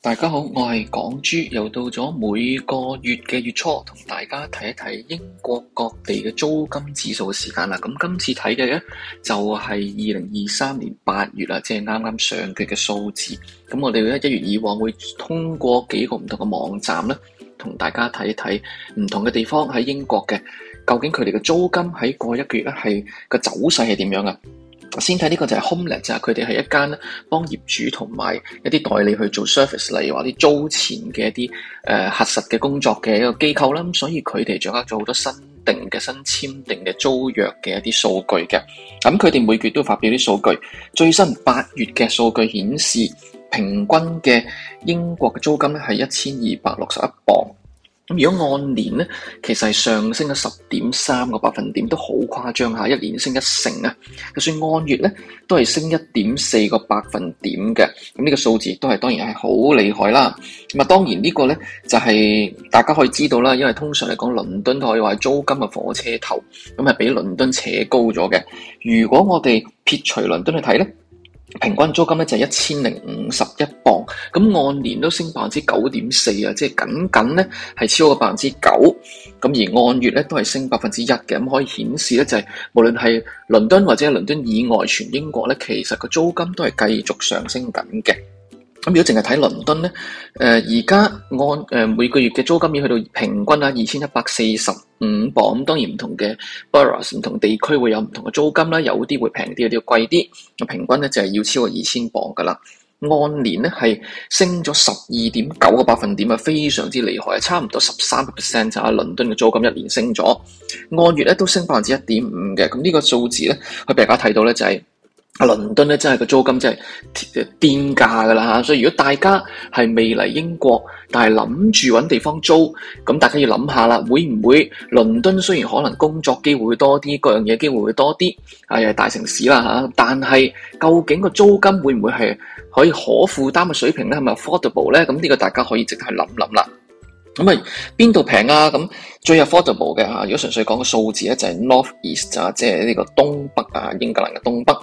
大家好，我係港豬，又到咗每個月嘅月初，同大家睇一睇英國各地嘅租金指數嘅時間啦。咁今次睇嘅咧就係二零二三年八月啦，即係啱啱上月嘅數字。咁我哋一月以往會通過幾個唔同嘅網站咧，同大家睇一睇唔同嘅地方喺英國嘅，究竟佢哋嘅租金喺過一個月咧係個走勢係點樣噶？先睇呢個就係 Homelet 就係佢哋係一間幫業主同埋一啲代理去做 service，例如話啲租錢嘅一啲誒、呃、核實嘅工作嘅一個機構啦。咁所以佢哋掌握咗好多新定嘅新簽訂嘅租約嘅一啲數據嘅。咁佢哋每個月都發表啲數據，最新八月嘅數據顯示，平均嘅英國嘅租金咧係一千二百六十一磅。咁如果按年咧，其實係上升咗十點三個百分點，都好誇張嚇，一年升一成啊！就算按月咧，都係升一點四個百分點嘅。咁呢個數字都係當然係好厲害啦。咁啊，當然這個呢個咧就係、是、大家可以知道啦，因為通常嚟講，倫敦都可以話租金係火車頭，咁係畀倫敦扯高咗嘅。如果我哋撇除倫敦去睇咧？平均租金咧就係一千零五十一磅，咁按年都升百分之九點四啊，即係僅僅咧係超過百分之九，咁而按月咧都係升百分之一嘅，咁可以顯示咧就係、是、無論係倫敦或者係倫敦以外全英國咧，其實個租金都係繼續上升緊嘅。咁如果淨係睇倫敦咧，誒而家按誒、呃、每個月嘅租金要去到平均啊二千一百四十五磅，咁當然唔同嘅 boroughs 唔同地區會有唔同嘅租金啦，有啲會平啲，有啲會貴啲。咁平均咧就係、是、要超過二千磅噶啦。按年咧係升咗十二點九個百分點啊，非常之厲害，差唔多十三個 percent 就是、啊！倫敦嘅租金一年升咗，按月咧都升百分之一點五嘅。咁呢個數字咧，去俾大家睇到咧就係、是。倫敦咧真係個租金真係天價噶啦，嚇，所以如果大家係未嚟英國，但係諗住揾地方租，咁大家要諗下啦，會唔會倫敦雖然可能工作機會會多啲，各樣嘢機會會多啲，又係大城市啦，嚇，但係究竟個租金會唔會係可以可負擔嘅水平咧？係咪 affordable 咧？咁呢個大家可以即刻去諗諗啦。咁啊，邊度平啊？咁最 affordable 嘅如果純粹講個數字咧，就係 North East 啊，即係呢個東北啊，英格蘭嘅東北。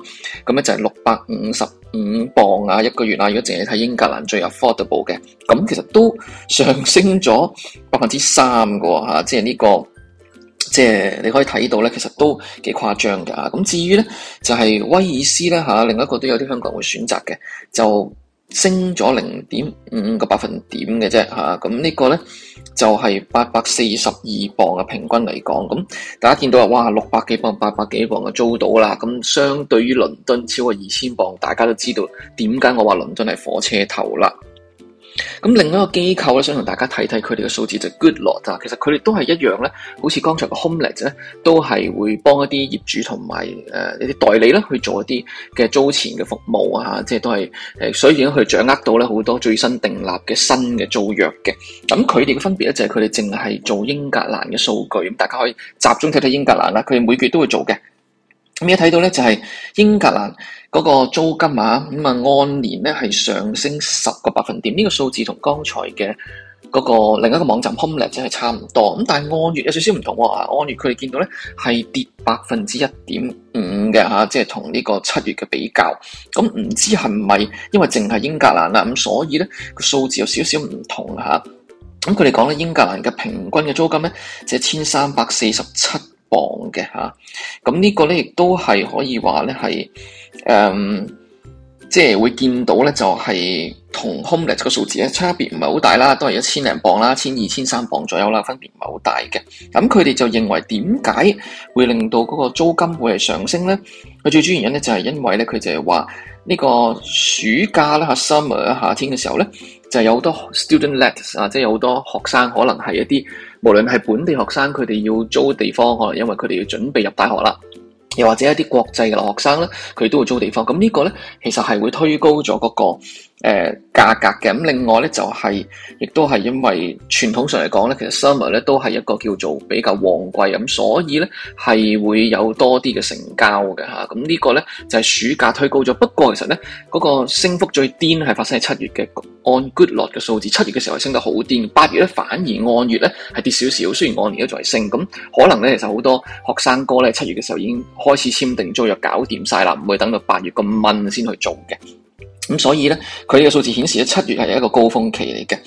咁咧就係六百五十五磅啊，一個月啊。如果淨係睇英格蘭最 affordable 嘅，咁其實都上升咗百分之三嘅喎嚇，即係呢個，即係你可以睇到咧，其實都幾誇張嘅。咁至於咧，就係威爾斯咧嚇，另一個都有啲香港會選擇嘅就。升咗零點五個百分點嘅啫嚇，咁呢個咧就係八百四十二磅嘅平均嚟講，咁大家見到啊，哇六百幾磅、八百幾磅就租到啦，咁相對於倫敦超過二千磅，大家都知道點解我話倫敦係火車頭啦。咁另外一個機構咧，想同大家睇睇佢哋嘅數字，就 Goodlord，其實佢哋都係一樣咧，好似剛才個 Homelet 咧，都係會幫一啲業主同埋誒一啲代理咧去做一啲嘅租錢嘅服務啊，即係都係誒，所以已經去掌握到咧好多最新訂立嘅新嘅租約嘅。咁佢哋嘅分別咧就係佢哋淨係做英格蘭嘅數據，咁大家可以集中睇睇英格蘭啦。佢哋每個月都會做嘅。咁一睇到咧，就係英格蘭嗰個租金啊，咁啊按年咧係上升十個百分點，呢個數字同剛才嘅嗰個另一個網站 Homelet 真係差唔多。咁但係按月有少少唔同喎，按月佢哋見到咧係跌百分之一點五嘅嚇，即係同呢個七月嘅比較。咁唔知係咪因為淨係英格蘭啦，咁所以咧個數字有少少唔同嚇。咁佢哋講咧，英格蘭嘅平均嘅租金咧，就一千三百四十七磅嘅哈，咁、啊、呢個咧亦都係可以話咧係，誒，即、嗯、係、就是、會見到咧就係同 HomeLet 數字咧差別唔係好大啦，都係一千零磅啦，千二千三磅左右啦，分別唔係好大嘅。咁佢哋就認為點解會令到嗰個租金會係上升咧？佢最主要原因咧就係因為咧佢就係話呢個暑假咧 summer 夏天嘅時候咧。就係、是、有好多 student lets 啊，即係有好多學生可能係一啲無論係本地學生，佢哋要租地方，可能因為佢哋要準備入大學啦，又或者一啲國際嘅留學生咧，佢都會租地方。咁呢個咧，其實係會推高咗嗰、那個。誒價格嘅。咁，另外咧就係、是，亦都係因為傳統上嚟講咧，其實 summer 咧都係一個叫做比較旺季，咁，所以咧係會有多啲嘅成交嘅，咁、啊這個、呢個咧就係、是、暑假推高咗。不過其實咧，嗰、那個升幅最癲係發生喺七月嘅，按 Goodlord 嘅數字。七月嘅時候係升得好癲，八月咧反而按月咧係跌少少，雖然按年都仲係升。咁可能咧其實好多學生哥咧，七月嘅時候已經開始簽訂租約，搞掂晒啦，唔會等到八月咁蚊先去做嘅。咁所以咧，佢嘅數字顯示咧，七月係一個高峰期嚟嘅。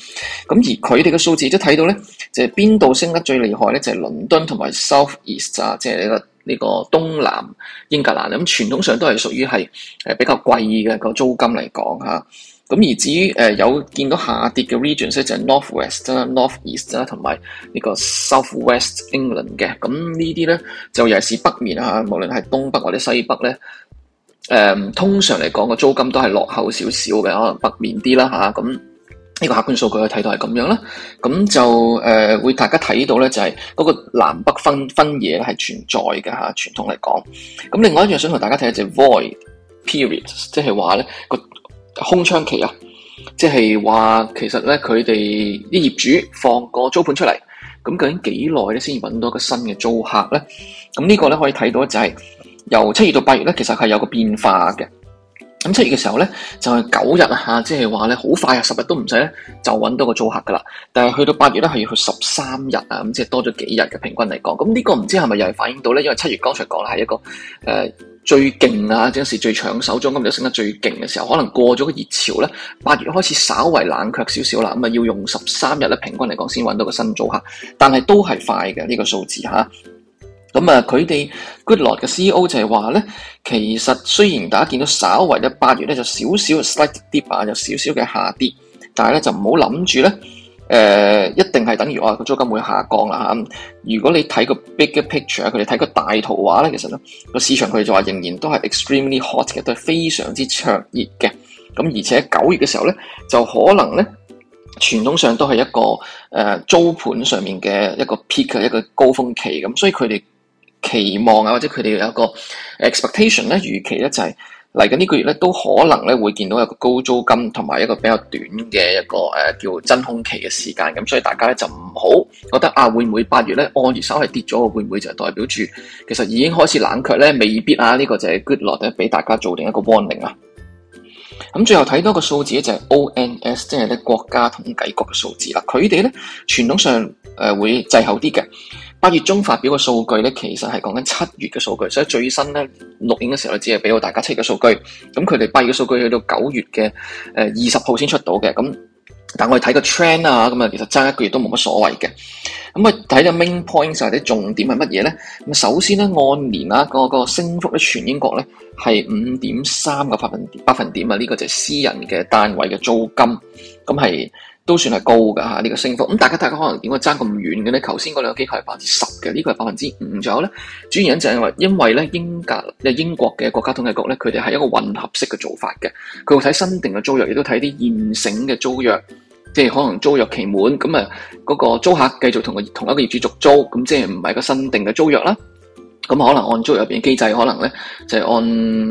咁而佢哋嘅數字都睇到咧，就係邊度升得最厲害咧？就係、是、倫敦同埋 South East 啊，即係呢個呢個東南英格蘭。咁傳統上都係屬於係誒比較貴嘅個租金嚟講嚇。咁而至於誒有見到下跌嘅 region 咧，就係 North West、North East 啦同埋呢個 South West England 嘅。咁呢啲咧就尤其是北面啊，無論係東北或者西北咧。嗯、通常嚟講個租金都係落後少少嘅，可能北面啲啦嚇，咁、啊、呢、呢個客觀數據可以睇到係咁樣啦。咁就誒、呃、會大家睇到咧，就係、是、嗰個南北分分野咧係存在嘅嚇。傳、啊、統嚟講，咁另外一樣想同大家睇嘅就係、是、void period 即係話咧個空窗期啊，即係話其實咧佢哋啲業主放個租盤出嚟，咁究竟幾耐咧先揾到一個新嘅租客咧？咁呢個咧可以睇到就係、是。由七月到八月咧，其實係有個變化嘅。咁七月嘅時候咧，就係、是、九日啊，嚇，即係話咧，好快啊，十日都唔使就揾到個租客噶啦。但係去到八月咧，係要去十三日啊，咁即係多咗幾日嘅平均嚟講。咁呢個唔知係咪又係反映到咧？因為七月剛才講啦，係一個誒、呃、最勁啊，即係時最搶手中的，中咁就升得最勁嘅時候。可能過咗個熱潮咧，八月開始稍為冷卻少少啦。咁啊，要用十三日咧，平均嚟講先揾到個新租客，但係都係快嘅呢、這個數字嚇。啊咁啊，佢哋 Goodlord 嘅 CEO 就係話咧，其實雖然大家見到稍為咧八月咧就少少 deeper，就少少 slight dip 啊，有少少嘅下跌，但係咧就唔好諗住咧，誒、呃、一定係等於我個、啊、租金會下降啦嚇。如果你睇個 big picture 佢哋睇個大圖畫咧，其實咧個市場佢哋就話仍然都係 extremely hot 嘅，都係非常之灼熱嘅。咁而且九月嘅時候咧，就可能咧傳統上都係一個誒、呃、租盤上面嘅一個 peak 嘅一個高峰期咁，所以佢哋。期望啊，或者佢哋有一個 expectation 咧，預期咧就係嚟緊呢個月咧都可能咧會見到有個高租金同埋一個比較短嘅一個誒、呃、叫真空期嘅時間。咁所以大家咧就唔好覺得啊，會唔會八月咧按月收係跌咗？會唔會就係代表住其實已經開始冷卻咧？未必啊！呢、這個就係 Goodlord 咧，俾大家做另一個 warning 啦。咁最後睇多個數字呢就係、是、ONS，即係咧國家統計局嘅數字啦。佢哋咧傳統上誒、呃、會滯後啲嘅。八月中發表嘅數據咧，其實係講緊七月嘅數據，所以最新咧錄影嘅時候咧，只係俾到大家七月嘅數據。咁佢哋八月嘅數據去到九月嘅誒二十號先出到嘅。咁但我哋睇個 trend 啊，咁、嗯、啊其實爭一個月都冇乜所謂嘅。咁啊睇咗 main points 或者重點係乜嘢咧？咁首先咧按年啊，嗰個、嗰個升幅咧全英國咧係五點三個百分百分點啊！呢、呢個就係私人嘅單位嘅租金咁係。咁係都算係高㗎吓，呢個升幅。咁、嗯、大家大家可能點解爭咁遠嘅咧？頭先嗰兩個機構係百分之十嘅，呢、呢個係百分之五左右。咧，主要原因就係因為咧英格英國嘅國家統計局咧，佢哋係一個混合式嘅做法嘅。佢會睇新定嘅租約，亦都睇啲現成嘅租約，即係可能租約期滿咁啊，嗰個租客繼續同個同一個業主續租，咁即係唔係個新定嘅租約啦。咁可能按租入邊嘅機制，可能咧就係、按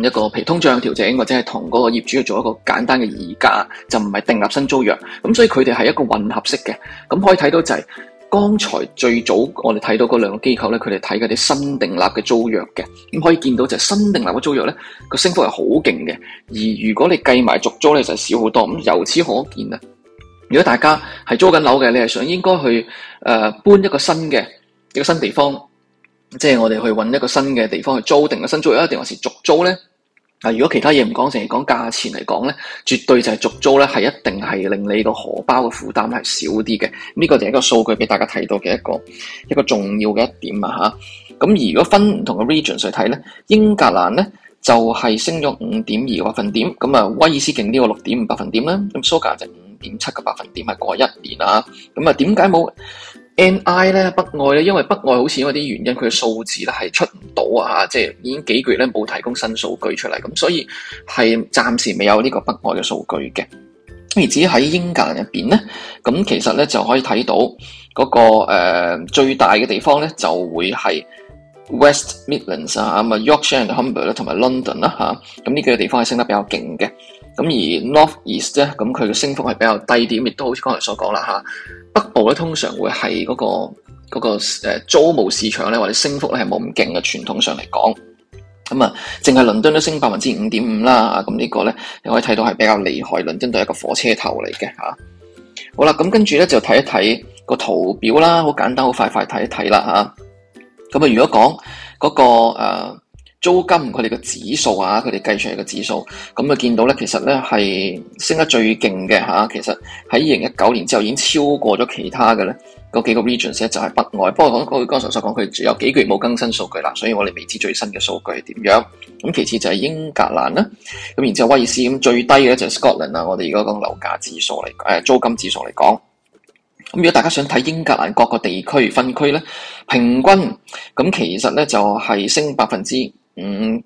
一個譬如通脹調整，或者係同嗰個業主去做一個簡單嘅議價，就唔係訂立新租約。咁所以佢哋係一個混合式嘅。咁可以睇到就係、是、剛才最早我哋睇到嗰兩個機構咧，佢哋睇嗰啲新訂立嘅租約嘅。咁可以見到就係新訂立嘅租約咧，個升幅係好勁嘅。而如果你計埋續租咧，就是、少好多。咁由此可見啊，如果大家係租緊樓嘅，你係想應該去誒、呃、搬一個新嘅一個新地方。即係我哋去揾一個新嘅地方去租，定個新租約，一定還是續租咧？啊，如果其他嘢唔講，淨係講價錢嚟講咧，絕對就係續租咧，係一定係令你個荷包嘅負擔係少啲嘅。呢個就係一個數據俾大家睇到嘅一個一個重要嘅一點啊！嚇，咁如果分唔同嘅 region 去睇咧，英格蘭咧就係升咗五點二個百分點，咁啊威爾斯勁呢個六點五百分點啦，咁蘇格就五點七個百分點係過一年啊。咁啊點解冇？N.I. 咧，北愛咧，因為北愛好似因為啲原因，佢嘅數字咧係出唔到啊，即係已經幾個月咧冇提供新數據出嚟，咁所以係暫時未有呢個北愛嘅數據嘅。而至於喺英格蘭入邊咧，咁其實咧就可以睇到嗰、那個誒、呃、最大嘅地方咧就會係 West Midlands 啊，咁啊 Yorkshire and Humber 同埋 London 啦、啊、吓，咁呢幾個地方係升得比較勁嘅。咁而 North East 咧，咁佢嘅升幅係比較低啲，亦都好似剛才所講啦嚇，北部咧通常會係嗰個嗰個誒租務市場咧，或者升幅咧係冇咁勁嘅，傳統上嚟講。咁啊，淨係倫敦都升百分之五點五啦，咁呢個咧，你可以睇到係比較厲害，倫敦都係一個火車頭嚟嘅嚇。好啦，咁跟住咧就睇一睇個圖表啦，好簡單，好快快睇一睇啦嚇。咁啊，如果講嗰個呃租金佢哋嘅指數啊，佢哋計出嚟嘅指數咁啊，咁見到咧，其實咧係升得最勁嘅吓，其實喺二零一九年之後已經超過咗其他嘅咧嗰幾個 regions 咧，就係北外。不過講佢剛才所講，佢有幾個月冇更新數據啦，所以我哋未知最新嘅數據係點樣。咁其次就係英格蘭啦，咁然之後威爾斯咁最低嘅咧就係 Scotland 啦。我哋而家講樓價指數嚟，誒租金指數嚟講。咁如果大家想睇英格蘭各個地區分區咧，平均咁其實咧就係升百分之。嗯，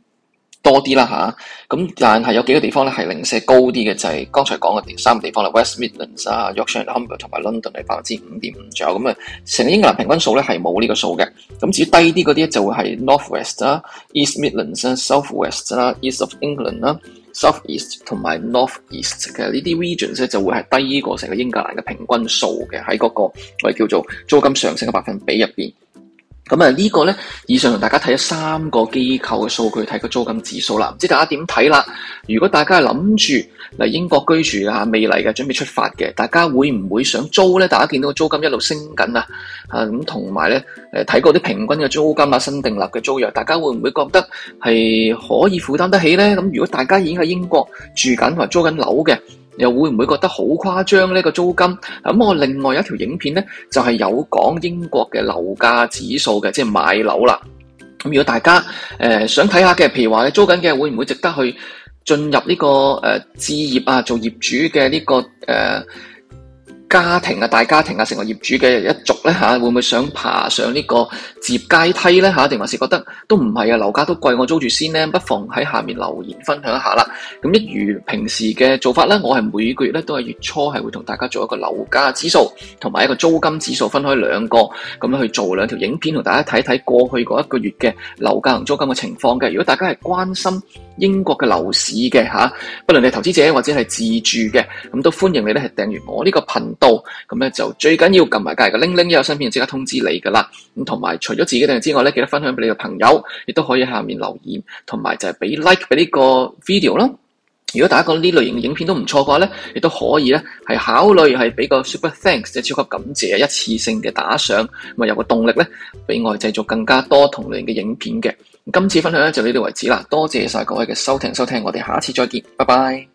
多啲啦吓，咁、啊、但係有幾個地方咧係零舍高啲嘅，就係、是、剛才講嘅三個地方啦，West Midlands 啊、Yorkshire and Humber 同埋 London 係百分之五點五左右咁啊，成個英格蘭平均數咧係冇呢個數嘅。咁至於低啲嗰啲就會係 North West 啊 East Midlands 啦、啊、South West 啦、啊、East of England 啦、啊、South East 同埋 North East 嘅呢啲 regions 咧就會係低過成個英格蘭嘅平均數嘅，喺嗰個我哋叫做租金上升嘅百分比入邊。咁啊，呢個呢，以上同大家睇咗三個機構嘅數據，睇個租金指數啦，唔知大家點睇啦？如果大家諗住嚟英國居住啊，未來嘅準備出發嘅，大家會唔會想租呢？大家見到個租金一路升緊啊，啊咁同埋呢誒睇過啲平均嘅租金啊，新訂立嘅租約，大家會唔會覺得係可以負擔得起呢？咁如果大家已經喺英國住緊或租緊樓嘅，又會唔會覺得好誇張呢個租金？咁我另外有一條影片呢，就係有講英國嘅樓價指數嘅，即係買樓啦。咁如果大家誒想睇下嘅，譬如話你租緊嘅，會唔會值得去進入呢個誒置業啊？做業主嘅呢個誒？呃家庭啊，大家庭啊，成為業主嘅一族咧，吓會唔會想爬上呢個接階梯咧，吓？定還是覺得都唔係啊？樓價都貴，我租住先咧，不妨喺下面留言分享一下啦。咁一如平時嘅做法咧，我係每個月咧都係月初係會同大家做一個樓價指數同埋一個租金指數分開兩個咁樣去做兩條影片，同大家睇睇過去嗰一個月嘅樓價同租金嘅情況嘅。如果大家係關心，英國嘅樓市嘅嚇，不論你係投資者或者係自住嘅，咁都歡迎你咧，係訂閱我呢個頻道。咁咧就最緊要撳埋隔籬嘅鈴鈴一有新片即刻通知你噶啦。咁同埋除咗自己訂之外咧，記得分享俾你嘅朋友，亦都可以喺下面留言，同埋就係俾 like 俾呢個 video 囉。如果大家覺得呢類型嘅影片都唔錯嘅話咧，亦都可以咧係考慮係俾個 super thanks 即係超級感謝，一次性嘅打賞，咪有個動力咧，俾我哋製作更加多同類型嘅影片嘅。今次分享呢就呢度為止啦，多謝晒各位嘅收聽收聽，我哋下次再見，拜拜。